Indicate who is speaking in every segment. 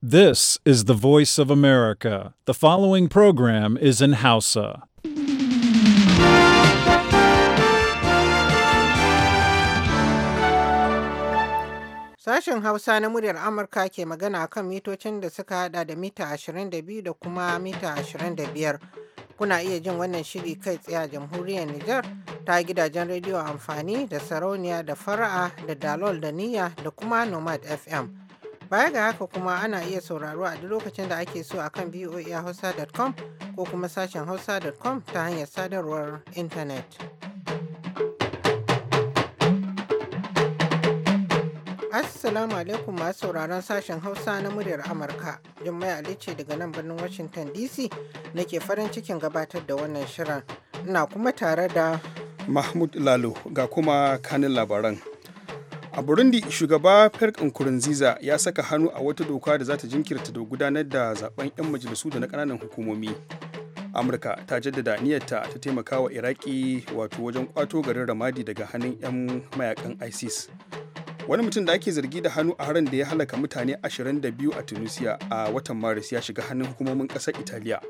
Speaker 1: This is the voice of America. The following program is in Hausa.
Speaker 2: Sashen Hausa na muryar Amurka ke magana kan mitocin da suka hada da mita 22 da kuma mita 25. Kuna iya jin wannan shiri kai tsaye a jamhuriyar Nijar ta gidajen rediyo amfani da sarauniya da fara'a da dalol da niyya da kuma Nomad FM. Baya ga haka kuma ana iya sauraro a duk lokacin da ake so akan voahausa.com ko kuma sashen hausa.com ta hanyar sadarwar intanet. Assalamu alaikum masu sauraron sashen Hausa na muryar Amurka. Jummai Ali ce daga nan birnin Washington DC nake farin cikin gabatar da wannan shirin. Ina kuma tare
Speaker 3: da Mahmud Lalo ga kuma kanin labaran. a burundi shugaba pierre nkurunziza ya saka hannu a wata doka da za ta jinkirta da gudanar da zaben 'yan majalisu da na kananan hukumomi amurka ta jaddada niyyarta ta taimaka wa iraki wato wajen kwato garin ramadi daga hannun 'yan mayakan isis wani mutum da ake zargi da hannu a harin da ya halaka mutane 22 a tunisia a watan maris ya shiga hannun hukumomin kasar italiya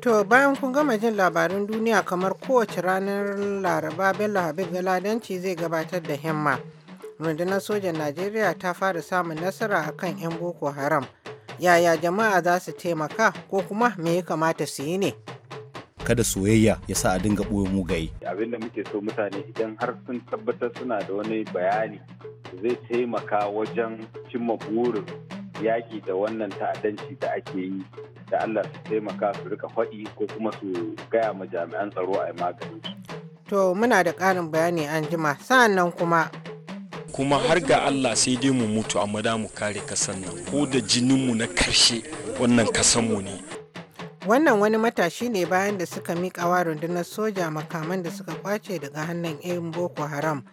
Speaker 2: to bayan kun gama jin labarin duniya kamar kowace ranar laraba bello habib zai gabatar da himma rundunar sojan najeriya ta fara samun nasara a kan 'yan boko haram yaya jama'a za su taimaka ko kuma me ya kamata
Speaker 4: su yi ne
Speaker 5: kada soyayya ya sa a dinga ɓoye mugaye.
Speaker 4: Abin da muke so mutane idan har sun tabbatar suna da wani bayani zai taimaka wajen cimma burin yaƙi da wannan ta'addanci da ake yi da Allah su taimaka su rika faɗi ko kuma su gaya ma jami'an tsaro a yi maganin.
Speaker 2: To muna da ƙarin bayani an jima sa'an nan kuma
Speaker 4: kuma har ga Allah sai
Speaker 6: dai mu mutu amma da mu kare kasan nan ko da jinin mu na karshe wannan mu ne
Speaker 2: wannan wani matashi ne bayan da suka mika wa rundunar soja makaman da suka kwace daga hannun 'yan boko haram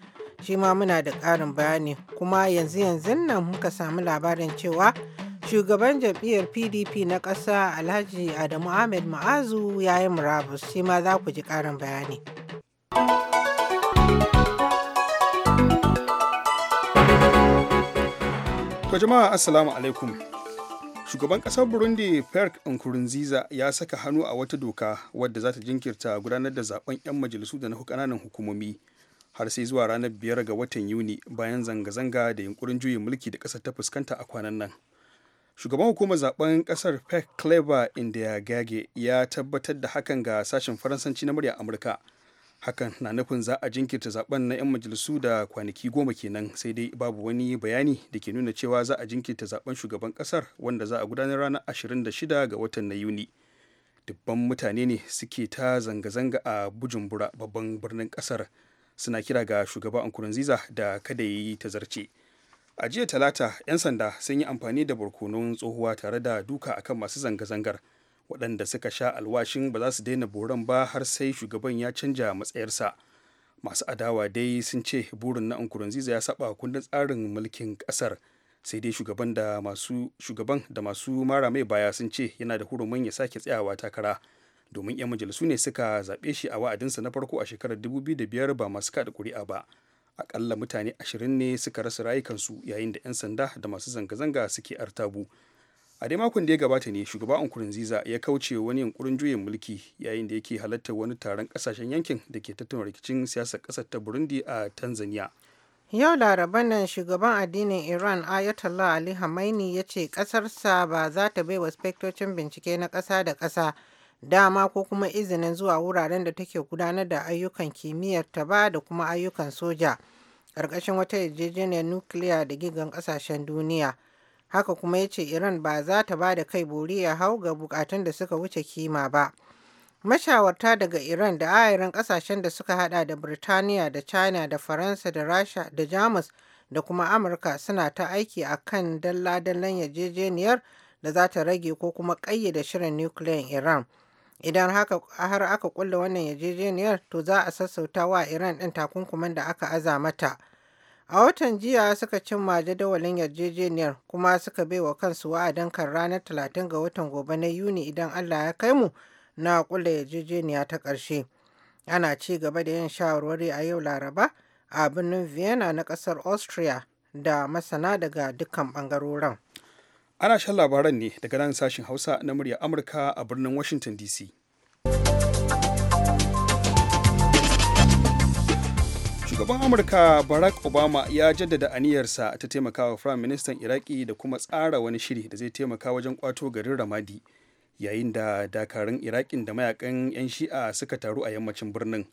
Speaker 2: shi ma muna da ƙarin bayani kuma yanzu yanzu nan muka samu labarin cewa shugaban jam'iyyar pdp na ƙasa alhaji adamu ahmed ma'azu ya yi murabus shi ma za ku ji ƙarin bayani
Speaker 3: To jama'a assalamu alaikum. Shugaban ƙasar Burundi Perk Nkurunziza ya saka hannu a wata doka wadda za ta jinkirta gudanar da zaben 'yan majalisu da na ƙananan hukumomi har sai zuwa ranar biyar ga watan Yuni bayan zanga-zanga da yunkurin juyin mulki da ƙasar ta fuskanta a kwanan nan. Shugaban hukumar zaben ƙasar Perk Clever Indiagage ya tabbatar da hakan ga sashen Faransanci na murya Amurka. hakan na nufin za a jinkirta zaben na 'yan majalisu da kwanaki goma kenan sai dai babu wani bayani da ke nuna cewa za a jinkirta zaben shugaban kasar wanda za a gudanar ranar 26 ga watan na yuni dubban mutane ne suke ta zanga-zanga a bujumbura babban birnin kasar suna kira ga shugaba nkurunziza da kada ya yi zarce a jiya talata 'yan sanda sun yi amfani da barkonon tsohuwa tare da duka akan masu zanga-zangar waɗanda suka sha alwashin ba za su daina boron ba har sai shugaban ya canja matsayarsa masu adawa dai sun ce burin na nkurunziza ya saba kundin tsarin mulkin ƙasar sai dai shugaban da masu shugaban mara mai baya sun ce yana da hurumin ya sake tsayawa takara domin 'yan majalisu ne suka zaɓe shi a wa'adinsa na farko a shekarar 2005 ba masu kaɗa ƙuri'a ba akalla mutane ashirin ne suka rasa rayukansu yayin da 'yan sanda da masu zanga-zanga suke artabu a dai makon da ya gabata ne shugaba nkurunziza ya kauce wani yunkurin juyin mulki yayin da yake halartar wani taron kasashen yankin da ke tattauna rikicin siyasar kasar ta burundi a tanzania
Speaker 2: yau laraba nan shugaban addinin iran ayatollah ali hamaini ya ce kasarsa ba za ta bai wa spektocin bincike na kasa da kasa dama ko kuma izinin zuwa wuraren da take gudanar da ayyukan kimiyyar ta ba da kuma ayyukan soja ƙarƙashin wata yarjejeniyar nukiliya da gigan ƙasashen duniya haka kuma ya ce iran ba za ta ba da kai bori ya hau ga bukatun da suka wuce kima ba mashawarta daga iran da ayarin kasashen da suka hada da birtaniya da china da faransa da rasha da jamus da kuma amurka suna ta aiki a kan dalla-dallan yarjejeniyar da za ta rage ko kuma kayyada shirin nukiliyan iran idan har aka kulle wannan yarjejeniyar to za a sassauta wa iran ɗin takunkuman da aka aza mata. A watan jiya suka cimma jadawalin yarjejeniyar kuma suka baiwa kansu wa'adin kan ranar 30 ga watan gobe na Yuni idan Allah ya kai mu na kula yarjejeniya ta ƙarshe. Ana ci gaba da yin shawarwari a yau Laraba a birnin Vienna na ƙasar Austria da masana
Speaker 3: daga dukkan ɓangarorin. Ana shan labaran ne daga nan sashen Hausa na murya Amurka a birnin Washington DC. shugaban amurka barack obama ya jaddada aniyarsa ta taimakawa firayim ministan iraki da kuma tsara wani shiri da zai taimaka wajen kwato garin ramadi yayin da dakarun iraƙin da mayakan 'yan shi'a suka taru a yammacin birnin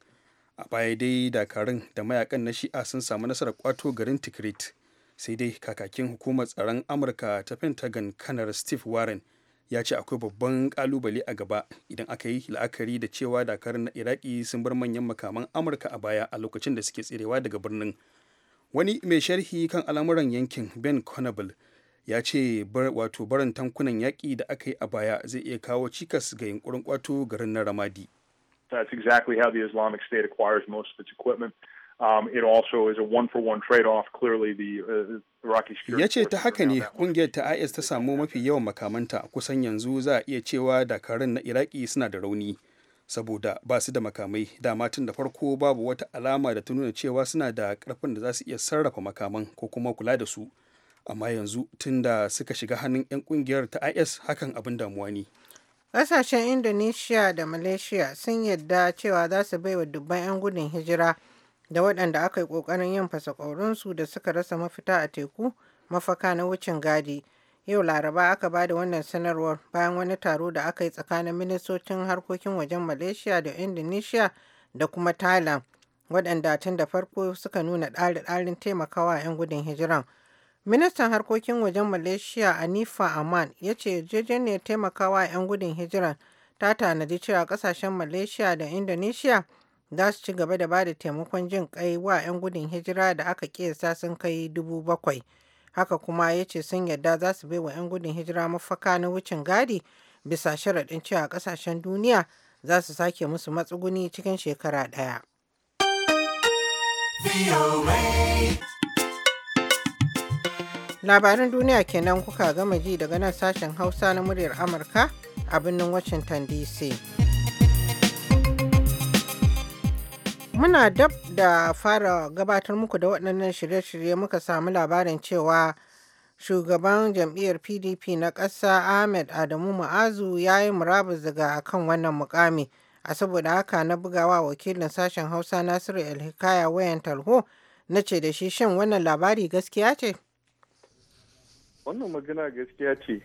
Speaker 3: a baya dai dakarun da mayakan na shi'a sun samu nasarar kwato garin tikrit sai dai kakakin hukumar tsaron amurka ta pentagon kanar steve warren ya ce akwai babban kalubale a gaba idan aka yi la'akari da cewa dakarun na iraki sun bar manyan makaman amurka a baya a lokacin da suke tserewa daga birnin wani mai sharhi kan al'amuran yankin ben conable ya ce wato barin tankunan yaƙi da aka yi a baya zai iya kawo cikas ga yunkurin kwato garin na ramadi
Speaker 4: That's exactly how the Islamic State acquires most of its equipment. Um, it also is a one for one trade off clearly the, uh,
Speaker 3: security. Ya ce ta haka ne kungiyar ta IS ta samu mafi yawan makamanta kusan yanzu za a iya cewa dakarun na Iraki suna da rauni saboda ba su da makamai dama tun da farko babu wata alama da ta nuna cewa suna da karfin da za su iya sarrafa makaman ko kuma kula da su amma yanzu tun da suka shiga hannun 'yan kungiyar ta IS hakan abin damuwa ne.
Speaker 2: Ƙasashen Indonesia da Malaysia sun yarda cewa za su baiwa dubban 'yan gudun hijira da waɗanda aka yi ƙoƙarin yin fasakorinsu da suka rasa mafita a teku mafaka na wucin gadi yau laraba aka ba da wannan sanarwar bayan wani taro da aka yi tsakanin ministocin harkokin wajen malaysia da indonesia da kuma thailand waɗanda tun da farko suka nuna ɗari-ɗarin taimakawa 'yan gudun hijiran ministan harkokin wajen malaysia anifa aman ya ce yarjejeniyar taimakawa 'yan gudun hijiran ta tanadi cewa ƙasashen malaysia da indonesia za su ci gaba da ba da taimakon jin kai wa 'yan gudun hijira da aka kiyasta sun kai dubu bakwai haka kuma ya ce sun yarda za su wa 'yan gudun hijira mafaka na wucin gadi bisa sharaɗin cewa ƙasashen duniya za su sake musu matsuguni cikin shekara ɗaya. Labarin duniya kenan kuka gama ji daga nan sashen Hausa na muryar Amurka a birnin Washington DC. Muna dab da fara gabatar muku da waɗannan shirye-shirye muka samu labarin cewa shugaban jam'iyyar PDP na ƙasa Ahmed Adamu Ma'azu ya yi murabus daga kan wannan mukami. A saboda haka na bugawa wakilin sashen Hausa Nasiru Elhikaya wayan tarho na ce da shi shin wannan labari gaskiya ce?
Speaker 7: Wannan magana gaskiya ce.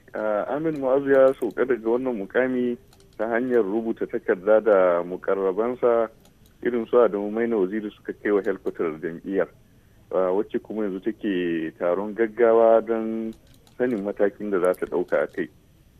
Speaker 7: Amin Ma'azu ya sauka daga wannan mukami ta hanyar rubuta takarda da mukarrabansa irin su adamu maina waziri suka kai wa helkwatar jam'iyyar wacce kuma yanzu take taron gaggawa don sanin matakin da za ta ɗauka a kai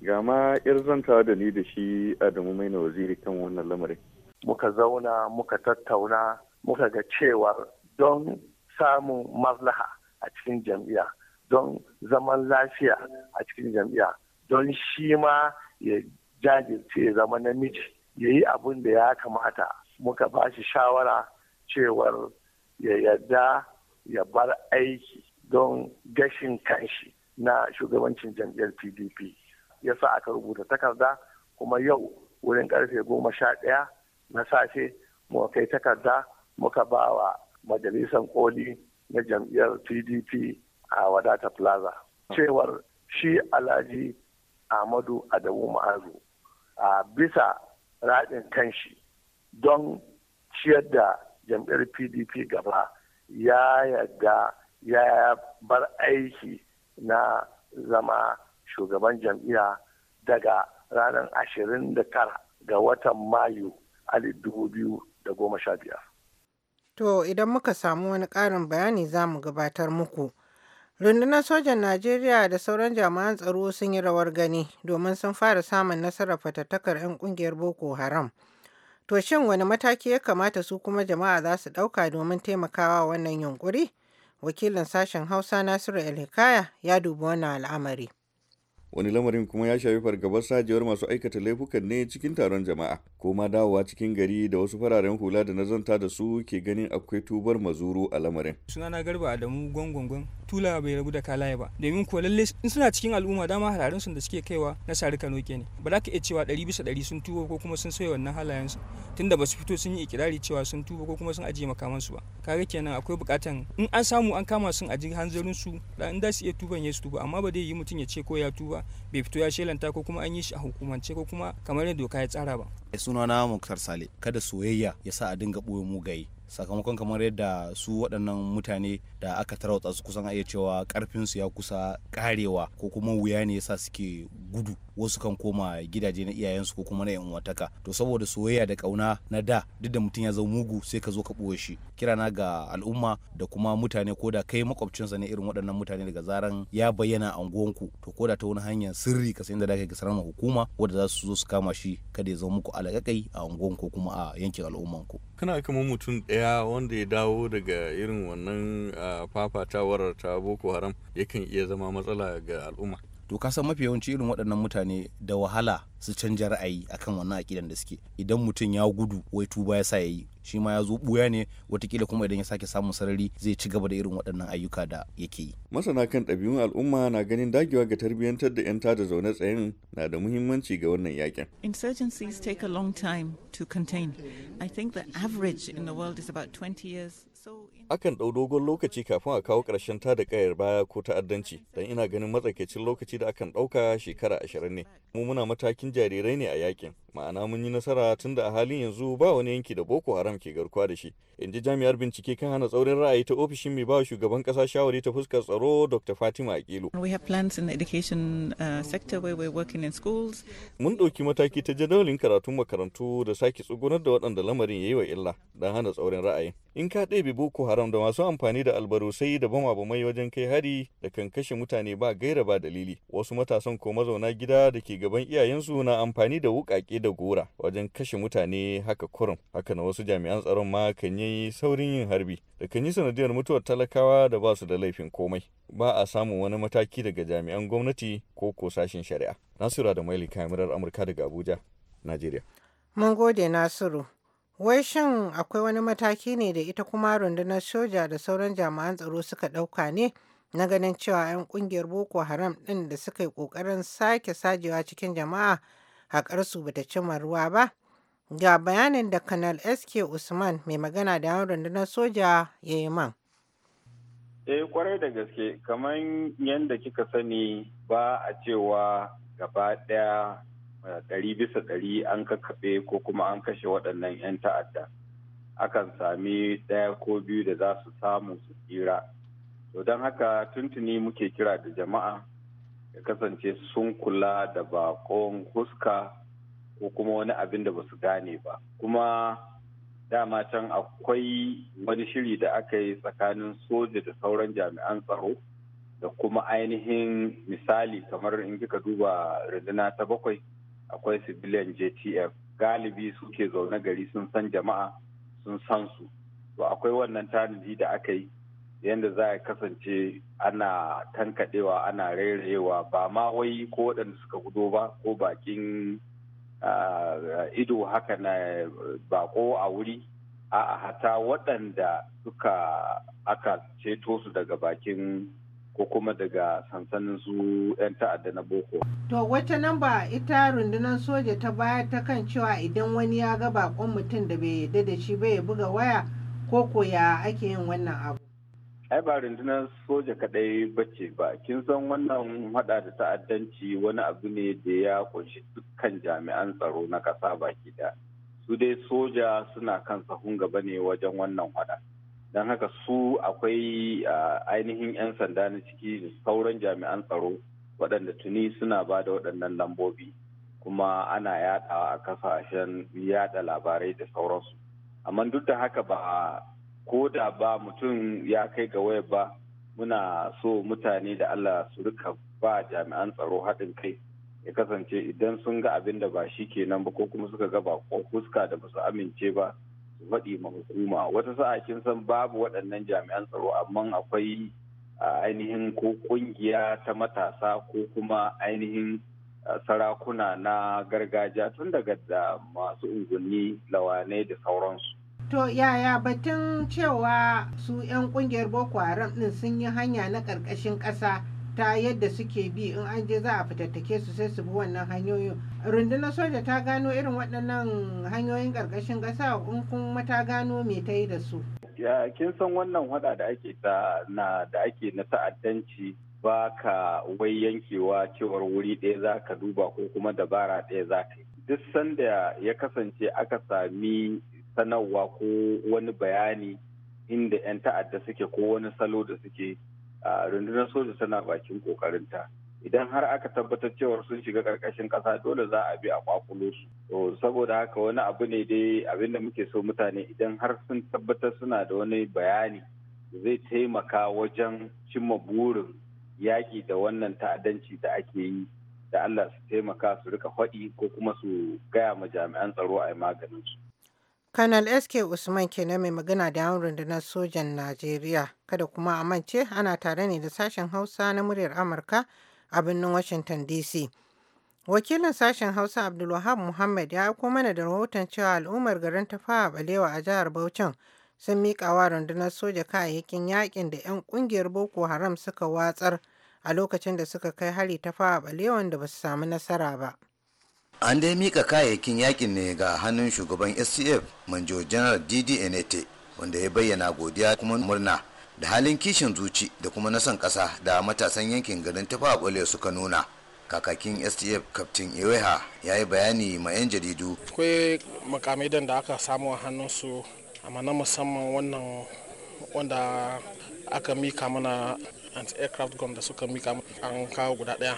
Speaker 7: ga ma yar zantawa da ni
Speaker 8: da shi adamu maina waziri kan wannan lamarin muka zauna muka tattauna muka ga cewa don samun maslaha a cikin jam'iyya don zaman lafiya a cikin jam'iyya don shi ma ya jajirce zama namiji ya yi abin da ya kamata muka ba shi shawara cewar ya yarda ya bar aiki don gashin kanshi na shugabancin jam'iyyar pdp ya sa aka rubuta takarda kuma yau wurin karfe goma sha ɗaya na safe muka kai takarda muka ba wa majalisar koli na jam'iyyar pdp a wadata plaza cewar shi alhaji ahmadu adamu ma'azu a bisa raɗin kanshi don ciyar da jam'iyyar pdp gaba ya yarda ya bar aiki na zama shugaban jam'iyya daga ranar ashirin da tara ga watan mayu alif dubu biyu da goma sha biyar.
Speaker 2: To idan muka samu wani ƙarin bayani za mu gabatar muku. Rundunar sojan Najeriya da sauran jami'an tsaro sun yi rawar gani domin sun fara samun nasarar fatattakar 'yan ƙungiyar Boko Haram. To shin wani mataki ya kamata su kuma jama'a za su ɗauka domin taimakawa wannan yunƙuri? Wakilin sashen Hausa Nasiru Elhikaya ya dubi wannan al'amari.
Speaker 7: Wani lamarin kuma ya shafi fargabar sajiyar masu aikata laifukan ne cikin taron jama'a. ko ma dawowa cikin gari da wasu fararen hula da nazanta da su ke ganin akwai tubar mazuru a lamarin.
Speaker 6: suna na Garba Adamu Gwangwangon tula bai rabu da kalaye ba domin ko lalle in suna cikin al'umma dama halarin sun da suke kaiwa na sari Kano ne ba za ka iya cewa ɗari bisa ɗari sun tuba ko kuma sun sayo wannan halayen su tunda ba su fito sun yi ikirari cewa sun tuba ko kuma sun ajiye makaman su ba kaga kenan akwai bukatan in an samu an kama sun aji hanzarin su da in da su iya tuban ya su tuba amma ba zai yi mutum ya ce ko ya tuba bai fito ya shelanta ko kuma an yi shi a hukumance ko kuma
Speaker 5: kamar yadda doka ya tsara ba Eh, sunana muktar sale kada soyayya ya sa a dinga ɓoye mugaye sakamakon kamar yadda su waɗannan mutane da aka tarauta su kusan iya cewa ƙarfinsu ya kusa karewa ko kuma wuya ne yasa suke gudu wasu kan koma gidaje na iyayensu ko kuma na yan wataka to saboda soyayya da kauna na da duk da mutum ya zama mugu sai ka zo ka ɓoye shi kirana ga al'umma da kuma mutane ko da kai makwabcinsa ne irin waɗannan mutane daga zaran ya bayyana a unguwanku to ko da ta wani hanyar sirri ka san da za ka sanar hukuma wanda za su zo su kama shi kada ya zama muku alaƙaƙai a unguwanku ko kuma a yankin al'ummanku
Speaker 7: kana kama mutum ɗaya wanda ya dawo daga irin wannan fafatawar ta boko haram yakan iya zama matsala ga al'umma
Speaker 5: to ka san mafi yawanci irin waɗannan mutane da wahala su canja ra'ayi akan wannan akidan da suke idan mutum ya gudu wai tuba ya sa yayi shi ma ya zo buya ne watakila kuma idan ya sake samun sarari zai ci gaba da irin waɗannan ayyuka da yake yi
Speaker 7: masana kan ɗabi'un al'umma na ganin dagewa ga tarbiyyantar da 'yan tada zaune tsayin na da muhimmanci ga wannan yakin
Speaker 2: insurgencies take a long time to contain i think the average in the world is about 20 years so in
Speaker 7: akan ɗau dogon lokaci kafin a kawo ƙarshen tada ƙayar baya ko ta'addanci don ina ganin matsakaicin lokaci da akan ɗauka shekara ashirin ne mu muna matakin jarirai ne a yakin ma'ana mun yi nasara tunda a halin yanzu ba wani yanki da boko haram ke garkuwa da shi in ji jami'ar bincike kan hana tsaurin ra'ayi ta ofishin mai bawa shugaban ƙasa shawari ta fuskar tsaro dr fatima akilu uh, mun ɗauki mataki ta jadawalin karatun makarantu da sake tsugunar da waɗanda lamarin ya yi wa illa don hana tsaurin ra'ayi in ka ɗebe boko haram haram da masu amfani da albarusai da bama-bamai wajen kai hari da kan kashe mutane ba gaira ba dalili wasu matasan ko mazauna gida da ke gaban iyayensu na amfani da wukake da gora wajen kashe mutane haka kurum haka na wasu jami'an tsaron ma kan yi saurin yin harbi da kan yi sanadiyar mutuwar talakawa da ba su da laifin komai ba a samun wani mataki daga jami'an gwamnati ko ko sashen shari'a nasiru da maili kamarar amurka daga abuja najeriya
Speaker 2: mun gode nasiru Wai shin akwai wani mataki ne da ita kuma rundunar soja da sauran jami'an tsaro suka ɗauka ne na ganin cewa 'yan kungiyar Boko Haram ɗin da suka yi ƙoƙarin sake sajewa cikin jama'a haƙarsu bata cimma ruwa ba? Ga bayanin da Kanal SK Usman mai magana da yawan rundunar soja ya yi man.
Speaker 4: Eh kwarai da gaske kamar yadda kika sani ba a cewa gaba ɗaya ɗari bisa ɗari an kakkaɓe ko kuma an kashe waɗannan 'yan ta'adda akan sami ɗaya ko biyu da za su samu su tsira to don haka tuntuni muke kira da jama'a ya kasance sun kula da bakon huska ko kuma wani abin da ba su gane ba kuma dama can akwai wani shiri da aka yi tsakanin soja da sauran jami'an tsaro da kuma ainihin misali kamar in kika duba rundunar ta bakwai akwai civilian jtf galibi suke zaune gari sun san jama'a sun san su to akwai wannan tanadi da aka yi yadda za a kasance ana tankadewa ana rairayewa ba ma wai ko waɗanda suka gudo ba ko bakin ido haka na bako a wuri a hata waɗanda suka aka ceto su daga bakin ko kuma daga sansanin su 'yan ta'adda na boko.
Speaker 2: To wata namba ita rundunar soja ta baya ta kan cewa idan wani ya ga bakon mutum da bai yarda da shi ba buga waya ko ko ya ake yin wannan abu.
Speaker 4: ai ba rundunar soja kadai bace ba kin san wannan hada da ta'addanci wani abu ne da ya kunshi dukkan jami'an tsaro na kasa baki da su dai soja suna kan sahun gaba ne wajen wannan hada. don haka su akwai ainihin 'yan sanda na ciki da sauran jami'an tsaro waɗanda tuni suna ba da waɗannan lambobi kuma ana yaɗawa a kasashen yaɗa labarai da sauransu amma duk da haka ba ko da ba mutum ya kai ga waya ba muna so mutane da allah su rika ba jami'an tsaro haɗin kai ya kasance idan sun ga abin da ba shi kenan ba ko kuma suka ga ba fuska da ba su amince ba faɗi ma hukuma wata sa'a kin san babu waɗannan jami'an tsaro amma akwai ainihin ko ƙungiya ta matasa ko kuma ainihin sarakuna na gargajiya tun daga da masu unguwanni lawanai da sauransu.
Speaker 2: To yaya batun cewa su 'yan kungiyar Boko Haram ɗin sun yi hanya na ƙarƙashin ƙasa ta yadda suke bi in an je za a fitattake su sai su bi wannan hanyoyin rundunar soja ta gano irin waɗannan hanyoyin ƙarƙashin ƙasa in kuma ta gano me ta yi da su
Speaker 4: ya kin san wannan hada da ake ta na da ake na ta'addanci ba ka wai yankewa cewar wuri ɗaya za ka duba ko kuma dabara ɗaya za ka yi duk sanda ya kasance aka sami sanarwa ko wani bayani inda 'yan ta'adda suke ko wani salo da suke rundunar soja tana bakin kokarinta idan har aka tabbatar cewar sun shiga karkashin kasa dole za a bi a kwakulo su to saboda haka wani abu ne dai abin da muke so mutane idan har sun tabbatar suna da wani bayani zai taimaka wajen cimma burin yaƙi da wannan ta'addanci da ake yi da Allah su taimaka su rika faɗi ko kuma su gaya ma jami'an tsaro a yi maganin su
Speaker 2: Kanal SK Usman na mai magana da yawon rundunar sojan Najeriya. Kada kuma a mance ana tare ne da sashen Hausa na muryar Amurka a birnin Washington DC. Wakilin sashen Hausa Abdulwahab Muhammad ya aiko mana da rahoton cewa al'ummar garin Tafawa Balewa a jihar Bauchan sun miƙa wa rundunar soja kayayyakin yakin da 'yan ƙungiyar Boko Haram suka watsar a lokacin da suka kai hari Tafawa Balewan da ba su samu nasara ba.
Speaker 5: an dai mika kayayyakin yakin ne ga hannun shugaban scf manjo general ddnat wanda ya bayyana godiya kuma murna da halin kishin zuci da kuma na son kasa da matasan yankin garin tafa a suka nuna kakakin stf captain iweha ya yi bayani ma 'yan jaridu
Speaker 6: akwai makamai da aka samu a hannunsu amma na musamman wannan wanda aka mika mana anti-aircraft gun da suka mika an kawo guda daya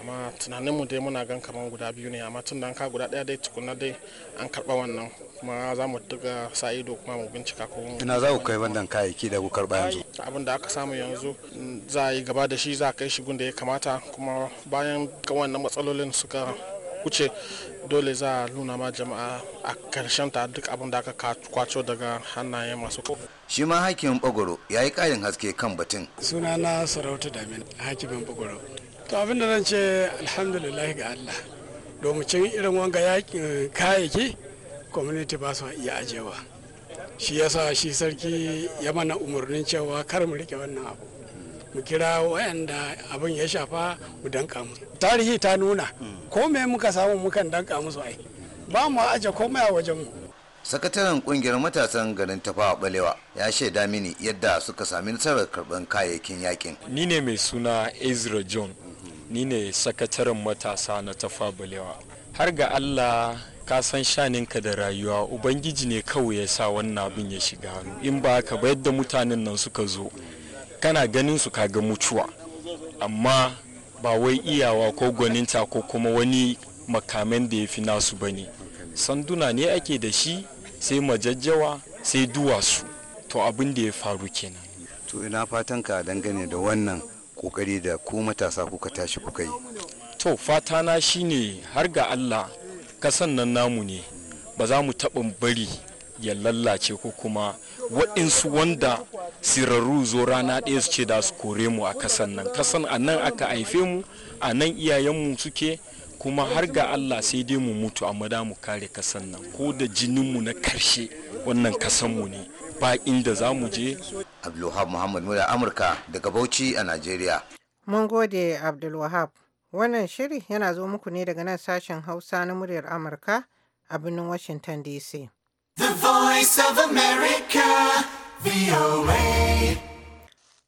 Speaker 6: amma tunaninmu dai muna gan kamar guda biyu ne amma tun da an kawo guda daya dai tukuna dai an karba wannan kuma za mu duka sa ido kuma mu bincika ko ina za ku kai wannan
Speaker 5: kayayyaki da ku karba yanzu
Speaker 6: abin da aka samu yanzu za a yi gaba da shi za a kai shi gun da ya kamata kuma bayan wannan matsalolin suka wuce dole za a nuna ma jama'a a karshen ta duk abin da aka kwaco daga hannayen masu
Speaker 5: ko. shi ma hakimin bagoro ya yi ƙarin haske kan batun
Speaker 6: Suna na sarauta damin hakimin bagoro to abin da zan ce alhamdulillah ga allah domin irin wanga yakin kayayyaki community ba su iya ajewa shi yasa shi sarki ya mana umarnin cewa kar mu rike wannan abu mu kira wayanda abin ya shafa mu danka musu tarihi ta nuna ko muka samu mukan danka musu ai ba mu aje komai a wajen mu
Speaker 5: sakataren kungiyar matasan garin tafawa balewa ya shaida mini yadda suka sami nasarar karban kayayyakin yakin
Speaker 6: ni ne mai suna ezra john ni ne sakataren matasa na tafa balewa har ga allah ka san shaninka da rayuwa ubangiji ne kawai ya sa wannan abin ya shiga hannu in ba ka ba yadda mutanen nan suka zo kana ganin su ka ga mutuwa amma ba wai iyawa ko gwaninta ko kuma wani makamin da ya fi nasu ba ne sanduna ne ake da shi sai majajjawa sai duwasu to abin da ya faru kenan to ina fatan ka dangane da wannan kokari da ko matasa kuka tashi kuka yi to fata na shine har ga allah kasan nan namu ne ba za mu taɓa bari ya lallace ko kuma waɗansu wanda sirarru zo rana ɗaya su ce da su kore mu a kasan nan kasan a nan aka haife mu a nan iyayenmu suke kuma har ga allah sai dai mu mutu a da mu kare kasan nan ko da jininmu na karshe wannan mu ne ba
Speaker 5: inda za mu je abdulwahab muhammad muda amurka daga bauchi a nigeria
Speaker 2: mun gode abdulwahab wannan shiri yana zo muku ne daga nan sashen hausa na muryar amurka a birnin washington dc
Speaker 5: the voice of america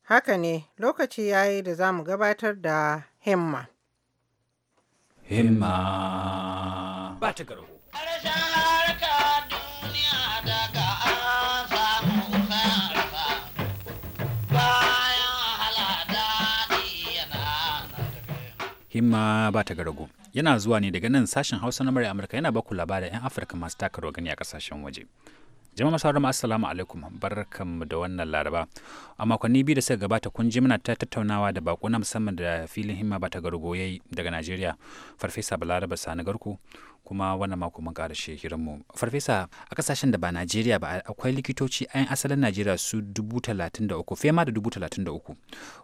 Speaker 2: Haka ne, lokaci ya yi da za mu gabatar da himma.
Speaker 1: Himma ba ta garo. himma ba ta garago yana zuwa ne daga nan sashen hausa na murya amurka yana baku labarin 'yan afirka masu taka gani a kasashen waje jama'a masu harama assalamu alaikum barkanmu da wannan laraba a makonni biyu da suka gabata kun ji muna ta tattaunawa da bako na musamman da filin himma bata gargo yi daga najeriya farfesa balaraba sani garku kuma wannan mako mun ƙara hirinmu farfesa a kasashen da ba najeriya ba akwai likitoci ayan asalin najeriya su dubu talatin da uku fema da dubu talatin da uku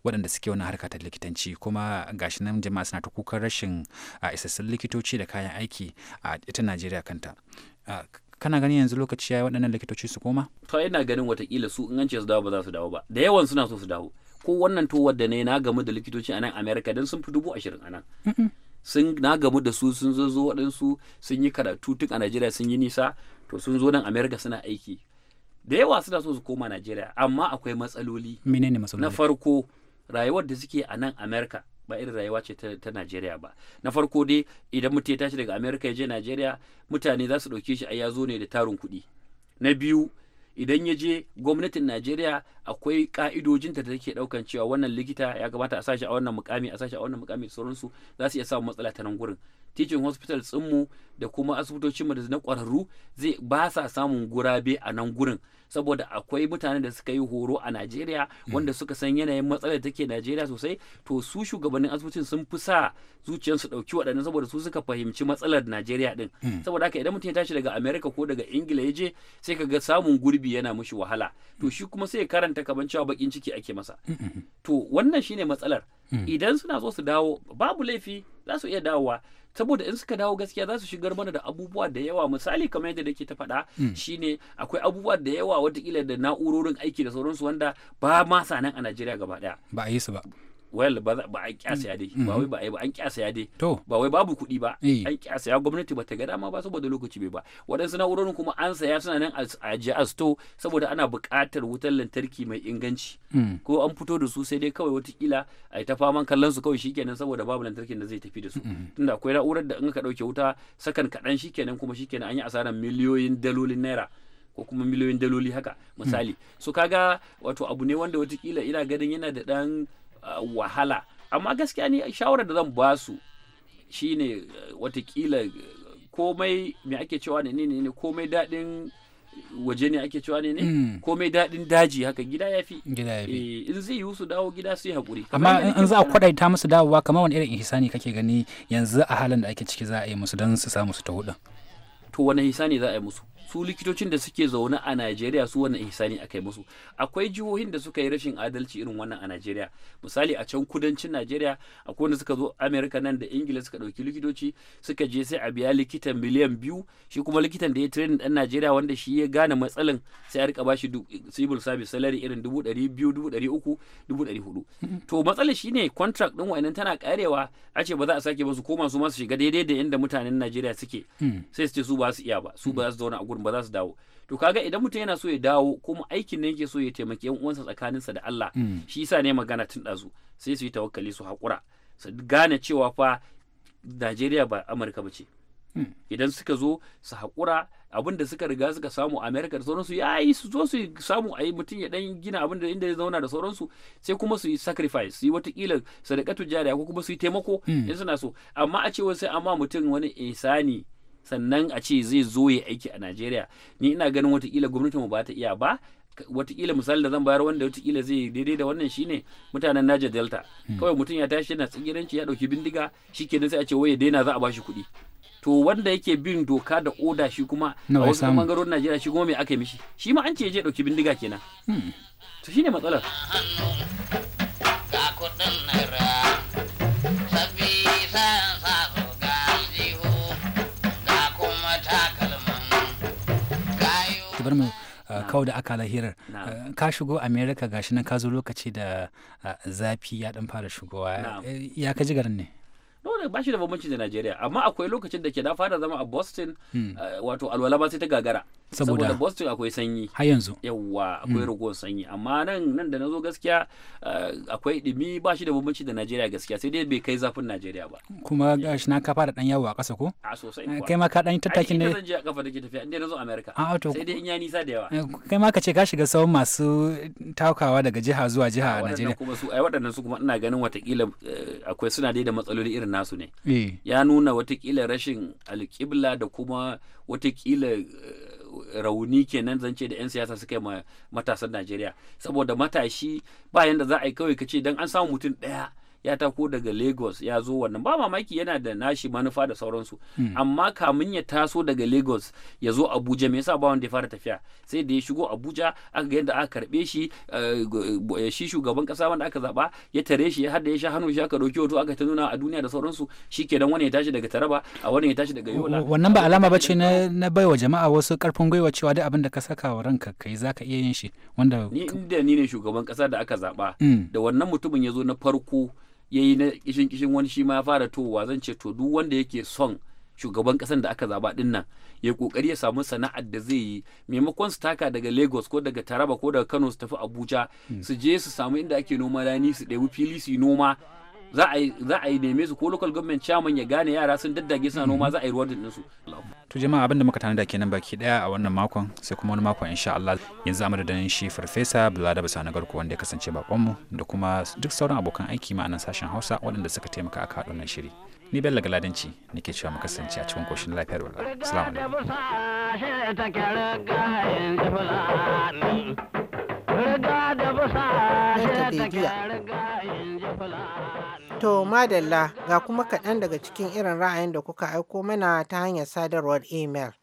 Speaker 1: waɗanda suke wani harka ta likitanci kuma gashi nan jama'a suna ta kukan rashin isassun likitoci da kayan aiki a ita najeriya kanta kana ganin yanzu lokaci yi waɗannan likitoci su koma
Speaker 9: to ina ganin watakila su in an ce su dawo ba za su dawo ba da yawan suna so su dawo ko wannan to wadda ne na gamu da likitoci a nan America dan sun fi dubu ashirin a nan sun na gamu da su sun zo waɗansu sun yi karatu tun a Najeriya sun yi nisa to sun zo nan America suna aiki da yawa suna so su koma Najeriya amma akwai matsaloli menene matsaloli na farko rayuwar da suke a nan America ba irin rayuwa ce ta Najeriya ba na farko dai idan mutum ya tashi daga Amerika ya je Najeriya mutane za su ɗauke shi a ya zo ne da tarin kuɗi na biyu idan ya je gwamnatin Najeriya akwai ka'idojinta da take ɗaukan cewa wannan likita ya kamata a sashi a wannan mukami a sashi a wannan mukami sauransu za su iya samun matsala ta nan gurin teaching hospital mu da kuma asibitocin mu da na kwararru zai ba sa samun gurabe a nan gurin saboda akwai mutane da suka yi horo a Najeriya hmm. wanda suka san yanayin matsalar da take Najeriya sosai to su shugabannin asibitin sun fi sa zuciyarsu dauki waɗannan saboda su suka fahimci matsalar Najeriya din hmm. saboda haka idan mutum ya tashi daga America ko daga Ingila ya je sai ka ga samun gurbi yana mushi wahala to hmm. shi kuma sai ya karanta kaman cewa bakin ciki ake masa to wannan shine matsalar Mm. idan suna so su dawo babu laifi za su iya dawowa saboda in suka dawo gaskiya za su shigar mana da abubuwa da yawa misali kamar yadda nake ta faɗa mm. shine akwai abubuwa da yawa watakila da na'urorin aiki da sauransu wanda ba ma sanan a Najeriya gaba ɗaya ba a yi su ba well ba an kyasa ya dai mm-hmm. ba wai ba ai ba an kyasa ya dai ba wai babu kuɗi ba eh. an kyasa ya gwamnati ba ta ga dama ba saboda lokaci bai ba waɗansu na'urorin kuma an saya suna nan a a sto saboda ana buƙatar wutar lantarki mai inganci mm. ko an fito da su sai dai kawai watakila a yi ta faman kallon su kawai shikenan saboda babu lantarkin da zai tafi da su mm-hmm. tunda akwai na'urar da in ka ɗauke wuta sakan kaɗan shikenan kuma shikenan an yi asarar miliyoyin dalolin naira ko kuma miliyoyin daloli haka misali mm. so kaga wato abu ne wanda wata kila ina ganin yana da ɗan Eh, wahala amma gaskiya ni shawarar da zan ba su shine eh, watakila eh, komai me ake cewa ne ne ne komai daɗin waje ne ake cewa ne ne hmm. komai daɗin daji haka gida ya fi in zai yi su dawo gida su yi haƙuri amma in za a kwaɗaita
Speaker 1: musu dawowa kamar wani irin ihsani kake gani yanzu a halin da ake ciki za a yi musu don su samu su ta hudu
Speaker 9: to wani ihsani za a yi musu su likitocin da suke zaune a Najeriya su wannan ihsani aka yi musu akwai jihohin da suka yi rashin adalci irin wannan a Najeriya misali a can kudancin Najeriya akwai wanda suka zo Amerika nan da Ingila suka dauki likitoci suka je sai a biya likitan miliyan biyu shi kuma likitan da ya train dan Najeriya wanda shi ya gane matsalan sai a rika bashi civil service salary irin dubu dari biyu dubu dari uku dubu dari hudu to matsalar shine contract ɗin wayannan tana karewa a ce ba za a sake ba su koma su ma shiga daidai da yadda mutanen Najeriya suke hmm. sai su ce su ba su iya ba su ba su zauna a gurin ba za su dawo to kaga idan mutum yana so ya dawo kuma aikin ne yake so ya taimaki yan uwansa tsakaninsa da Allah mm. shi yasa ne magana tun dazu sai su yi tawakkali su hakura su gane cewa fa Najeriya ba Amurka ba ce mm. idan suka zo su hakura abin da suka riga suka samu amerika da sauransu ya yi su zo su samu a yi mutum ya dan gina abin da inda ya zauna da sauransu sai kuma su yi sacrifice su yi watakila sadakatu jariya ko kuma su yi taimako mm. in suna so amma a cewa sai amma mutum wani insani sannan a ce zai zo ya aiki a Najeriya ni ina ganin watakila gwamnatin mu ba ta iya ba watakila misali da zan bayar wanda watakila zai daidai da wannan shine mutanen Niger Delta hmm. kawai mutum ya tashi yana tsigiranci ya dauki bindiga shikenan sai a ce waye daina za a bashi kuɗi to wanda yake bin doka da oda shi kuma a wasu bangarorin Najeriya shi kuma me aka yi mishi shi ma an ce ya je dauki bindiga kenan hmm. to shine matsalar
Speaker 1: ki bar mu eh, kawo da aka lahirar eh, ka shigo ga shi nan ka zo lokaci da eh, zafi ya dan fara shigowa ya ka ji garin ne
Speaker 9: dole ba shi da bambanci da Najeriya amma akwai lokacin da ke na fara zama a Boston hmm. wato alwala ba sai ta gagara saboda boston akwai sanyi har yanzu yawwa mm. akwai ragowar sanyi amma nan nan da nazo gaskiya eh, akwai dimi ba shi da bambanci da najeriya gaskiya sai dai bai kai zafin najeriya ba
Speaker 1: kuma gashi na kafa da dan yawo a ƙasa ko
Speaker 9: a sosai kuwa eh, kai ma ka dan tattakin ne zan je a kafa dake tafiya inda nazo america a ah, to sai dai in ya nisa da yawa eh,
Speaker 1: kai ma ka ce ka shiga sauran masu takawa daga jiha zuwa jiha a ah, najeriya kuma
Speaker 9: su ai waɗannan su kuma ina ganin watakila akwai suna dai da matsaloli irin nasu ne ya nuna watakila rashin alƙibla da kuma watakila rauni kenan zan ce da 'yan siyasa suka yi matasan Najeriya saboda matashi ba yanda za a yi kawai kace dan an samu mutum ɗaya ya tako daga lagos ya zo wannan ba mamaki yana da nashi manufa da sauransu hmm. amma kamun ya taso daga lagos ya zo abuja me yasa ba wanda ya fara tafiya sai da ya shigo abuja aka ga yadda aka karbe shi eh, shi shugaban kasa wanda aka zaba ya tare shi har da ya sha hannu shi aka dauki hoto aka ta nuna a duniya da sauransu shikenan wani ya tashi daga taraba a wani ya tashi daga yola
Speaker 1: wannan ba alama bace na na baiwa jama'a wasu karfin gwiwa cewa duk abin da ka saka wa ranka kai zaka iya yin shi wanda ni
Speaker 9: inda ni ne shugaban kasa da aka zaba hmm. da wannan mutumin ya zo na farko ya yi na kishin kishin wani shi ma ya fara towa zan ce to duk wanda yake son shugaban kasan da aka zaba din nan ya kokari ya samu sana'ar da zai yi maimakon su taka daga lagos ko daga taraba ko daga kano su tafi abuja hmm. su je su samu inda ake noma rani su ɗebi fili su yi noma za a yi neme su ko local government chairman ya gane yara sun daddage suna noma za a yi rewarding din su
Speaker 1: to jama'a abinda muka tanada kenan baki daya a wannan makon sai kuma wani makon insha Allah yanzu amma da shi farfesa Bulada Basana Garko wanda ya kasance bakon mu da kuma duk sauran abokan aiki ma sashen Hausa waɗanda suka taimaka aka haɗa wannan shiri ni Bello Galadanci nake cewa mu kasance a cikin koshin lafiyar wallahi. assalamu alaikum
Speaker 2: riga da busa shi ta To madalla ga kuma kaɗan daga cikin irin ra'ayin da kuka aiko mana ta hanyar sadarwar email.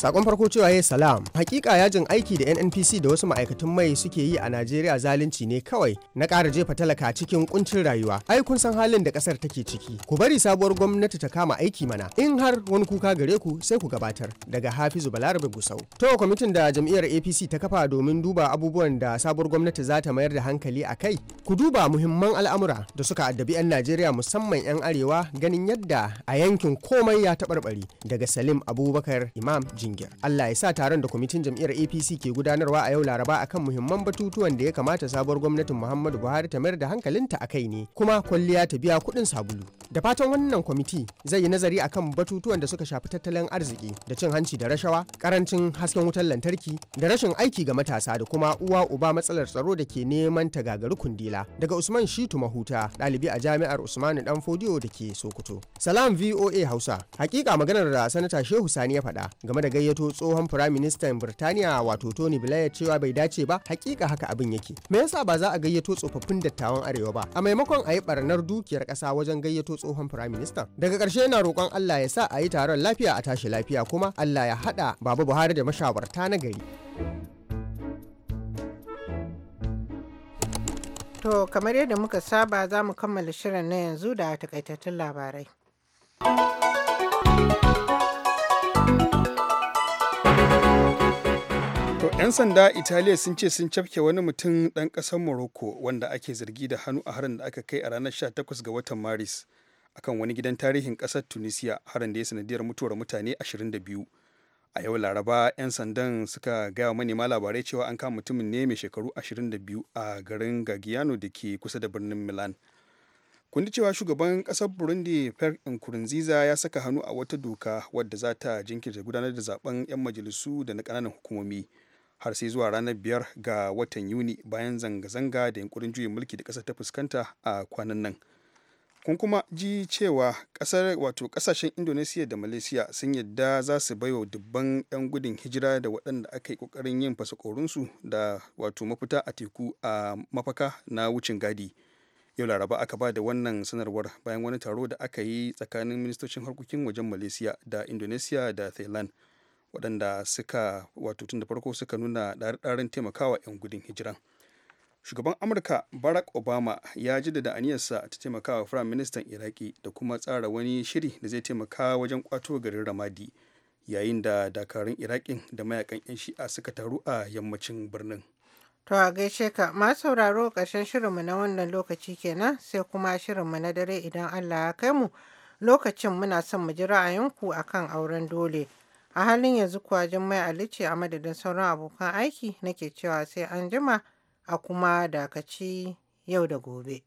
Speaker 10: sakon farko cewa ya salam hakika yajin aiki da nnpc da wasu ma'aikatan mai suke yi a najeriya zalunci ne kawai na ƙara jefa talaka cikin kuncin rayuwa ai kun san halin da ƙasar take ciki ku bari sabuwar gwamnati ta kama aiki mana in har wani kuka gare ku sai ku gabatar daga hafizu balarabe gusau to kwamitin da jam'iyyar apc ta kafa domin duba abubuwan da sabuwar gwamnati za ta mayar da hankali a kai ku duba muhimman al'amura da suka addabi 'yan najeriya musamman 'yan arewa ganin yadda a yankin komai ya taɓarɓare daga salim abubakar imam jin Babangir. Allah ya sa taron da kwamitin jam'iyyar APC ke gudanarwa a yau Laraba akan muhimman batutuwan da ya kamata sabuwar gwamnatin Muhammadu Buhari ta mayar da hankalinta a kai ne kuma kwalliya ta biya kuɗin sabulu. Da fatan wannan kwamiti zai yi nazari akan batutuwan da suka shafi tattalin arziki da cin hanci da rashawa, karancin hasken wutar lantarki da rashin aiki ga matasa da kuma uwa uba matsalar tsaro da ke neman ta gagari kundila. Daga Usman Shitu Mahuta, ɗalibi a jami'ar Usmanu Danfodiyo da ke Sokoto. Salam VOA Hausa. Hakika maganar da Sanata Shehu Sani ya faɗa game da gayyato tsohon firaministan Birtaniya wato Tony Blair cewa bai dace ba hakika haka abin yake. Me yasa ba za a gayyato tsofaffin dattawan Arewa ba? A maimakon a yi barnar dukiyar ƙasa wajen gayyato tsohon firaministan. Daga karshe yana roƙon Allah ya sa a yi taron lafiya a tashi lafiya kuma Allah ya haɗa Baba Buhari da mashawarta na gari.
Speaker 2: To kamar yadda muka saba za mu kammala shirin na yanzu da takaitattun labarai.
Speaker 3: 'Yan sanda Italiya sun ce sun cafke wani mutum ɗan kasar Morocco wanda ake zargi da hannu a harin da aka kai a ranar 18 ga watan Maris akan wani gidan tarihin kasar Tunisia harin da ya sanadiyar mutuwar mutane 22. A yau Laraba 'yan sandan suka gaya manema labarai cewa an kama mutumin ne mai shekaru 22 a garin Gagiano da ke kusa da birnin Milan. kundi cewa shugaban kasar burundi per nkurunziza ya saka hannu a wata doka wadda za ta jinkirta gudanar da zaben 'yan majalisu da na kananan hukumomi har sai zuwa ranar biyar ga watan yuni bayan zanga-zanga da yunkurin juyin mulki da ƙasar ta fuskanta a kwanan nan kun kuma ji cewa kasar wato kasashen indonesiya da malaysia sun yadda za su wa dubban 'yan gudun hijira da waɗanda aka yi ƙoƙarin yin fasakorinsu da wato mafita a teku a mafaka na wucin gadi yau laraba aka ba da wannan sanarwar bayan wani taro da aka yi tsakanin ministocin harkokin wajen malaysia da indonesiya da thailand waɗanda suka wato tun da farko suka nuna ɗarin taimakawa 'yan gudun hijiran shugaban amurka barack obama ya jaddada aniyarsa ta taimakawa firayim ministan iraki da kuma tsara wani shiri da zai taimaka wajen kwato garin ramadi yayin da dakarun iraki da mayakan 'yan shi'a suka taru a yammacin birnin
Speaker 2: to a gaishe ka ma sauraro ƙarshen mu na wannan lokaci kenan sai kuma shirin mu na dare idan allah ya kai mu lokacin muna son mu ji ra'ayinku akan auren dole A halin yanzu kuwa mai Ali ce a madadin sauran abokan aiki nake cewa sai an jima a kuma dakaci yau da gobe.